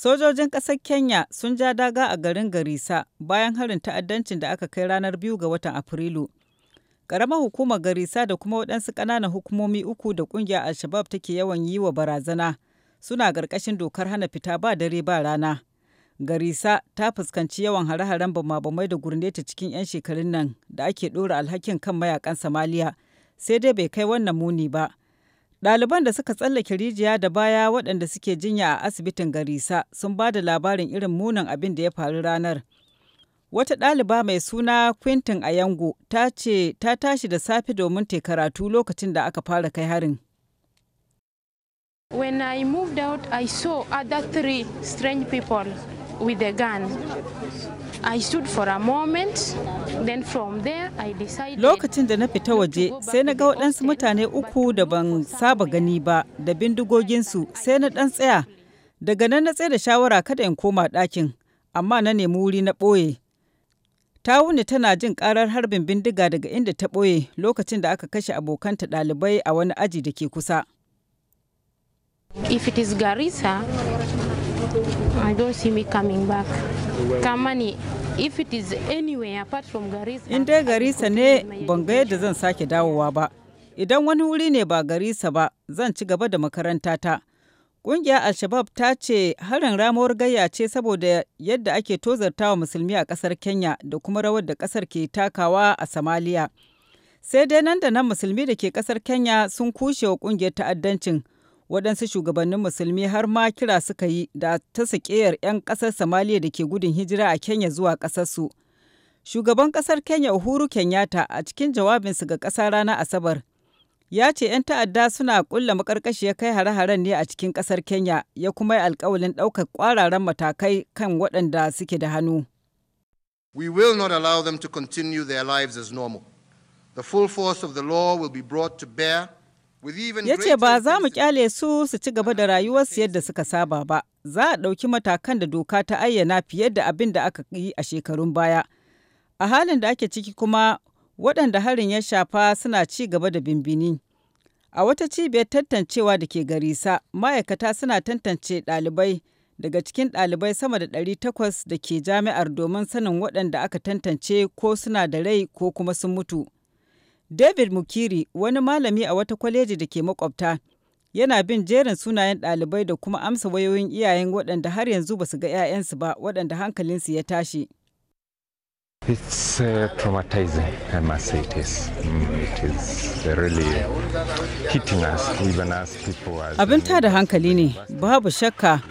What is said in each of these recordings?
Sojojin ƙasar Kenya sun ja daga a garin Garisa, bayan harin ta'addancin da aka kai ranar biyu ga watan Afrilu. Ƙaramar hukumar Garisa da kuma waɗansu ƙananan hukumomi uku da ƙungiyar Alshabab take yawan yi wa barazana suna ƙarƙashin dokar hana fita ba dare ba rana. Garisa ta fuskanci yawan hare-haren bama-bamai da gurneta cikin 'yan shekarun nan da ake ɗora alhakin kan mayakan Somalia sai dai bai kai wannan muni ba. Ɗaliban da suka tsallake rijiya da baya waɗanda suke jinya a asibitin Garisa sun ba da labarin irin munin abin da ya faru ranar. Wata ɗaliba mai suna Quintin Ayango ta ce ta tashi da safe domin ta karatu lokacin da aka fara kai harin. When I moved out, I saw other three strange people. with a gun. I stood for a moment, then from there I decided... Lokacin da na fita waje sai na ga waɗansu mutane uku da ban saba gani ba da bindigoginsu sai na ɗan tsaya. Daga nan na tsaye da shawara kada in koma ɗakin, amma na nemi wuri na ɓoye. Tawuni tana jin ƙarar harbin bindiga daga inda ta ɓoye lokacin da aka kashe abokanta ɗalibai a wani aji da ke kusa. If it is Garissa, I don't see me coming back. Kamani, if it is anywhere apart from Garissa. In dai Garissa ne ban ga yadda zan sake dawowa ba. Idan wani wuri ne ba Garissa ba, zan ci gaba da makaranta ta. Ƙungiyar Al-Shabab ta ce harin ramuwar gayya ce saboda yadda ake tozarta wa musulmi a ƙasar Kenya da kuma rawar da ƙasar ke takawa a Somalia. Sai dai nan da nan musulmi da ke ƙasar Kenya sun kushe wa ƙungiyar ta'addancin. waɗansu shugabannin musulmi har ma kira suka yi da ta sakeyar 'yan ƙasar somalia da ke gudun hijira a kenya zuwa ƙasarsu shugaban ƙasar kenya uhuru kenyatta a cikin jawabinsu ga ƙasa rana asabar ya ce 'yan ta'adda suna ƙulla ya kai hare-haren ne a cikin ƙasar kenya ya kuma yi alkawalin ɗaukar ƙwararan matakai kan waɗanda suke da hannu We will not allow them to continue their lives as normal. The full force of the law will be brought to bear ya ce ba za mu kyale su su ci gaba da rayuwarsu yadda suka saba ba za a ɗauki matakan da doka ta ayyana fiye da abin da aka yi a shekarun baya a halin da ake ciki kuma waɗanda harin ya shafa suna ci gaba da bimbini a wata cibiyar tantancewa da ke garisa ma'aikata suna tantance ɗalibai daga cikin ɗalibai sama da ɗari takwas da ke jami'ar domin sanin waɗanda aka tantance ko suna da rai ko kuma sun mutu. David Mukiri wani malami a wata kwaleji da ke makwabta yana bin jerin sunayen ɗalibai da kuma amsa wayoyin iyayen waɗanda har yanzu ba su ga 'ya'yansu ba waɗanda hankalinsu ya tashi. It's uh, traumatizing, Abin tada hankali ne, babu shakka,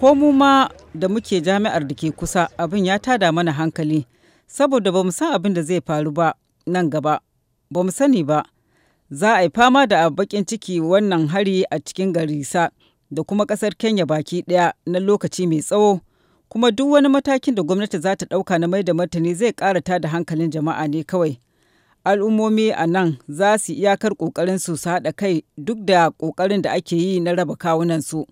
ko mu ma da muke jami'ar da ke kusa abin ya tada mana hankali, saboda ba mu san abin da zai faru ba nan gaba. ba mu sani ba za a yi fama da bakin ciki wannan hari a cikin garisa da kuma kasar kenya baki ɗaya na lokaci mai tsawo kuma duk wani matakin da gwamnati za ta ɗauka na mai da martani zai ƙara da hankalin jama'a ne kawai al'ummomi a nan za su iyakar ƙoƙarin su haɗa kai duk da ƙoƙarin da ake yi na raba kawunan su.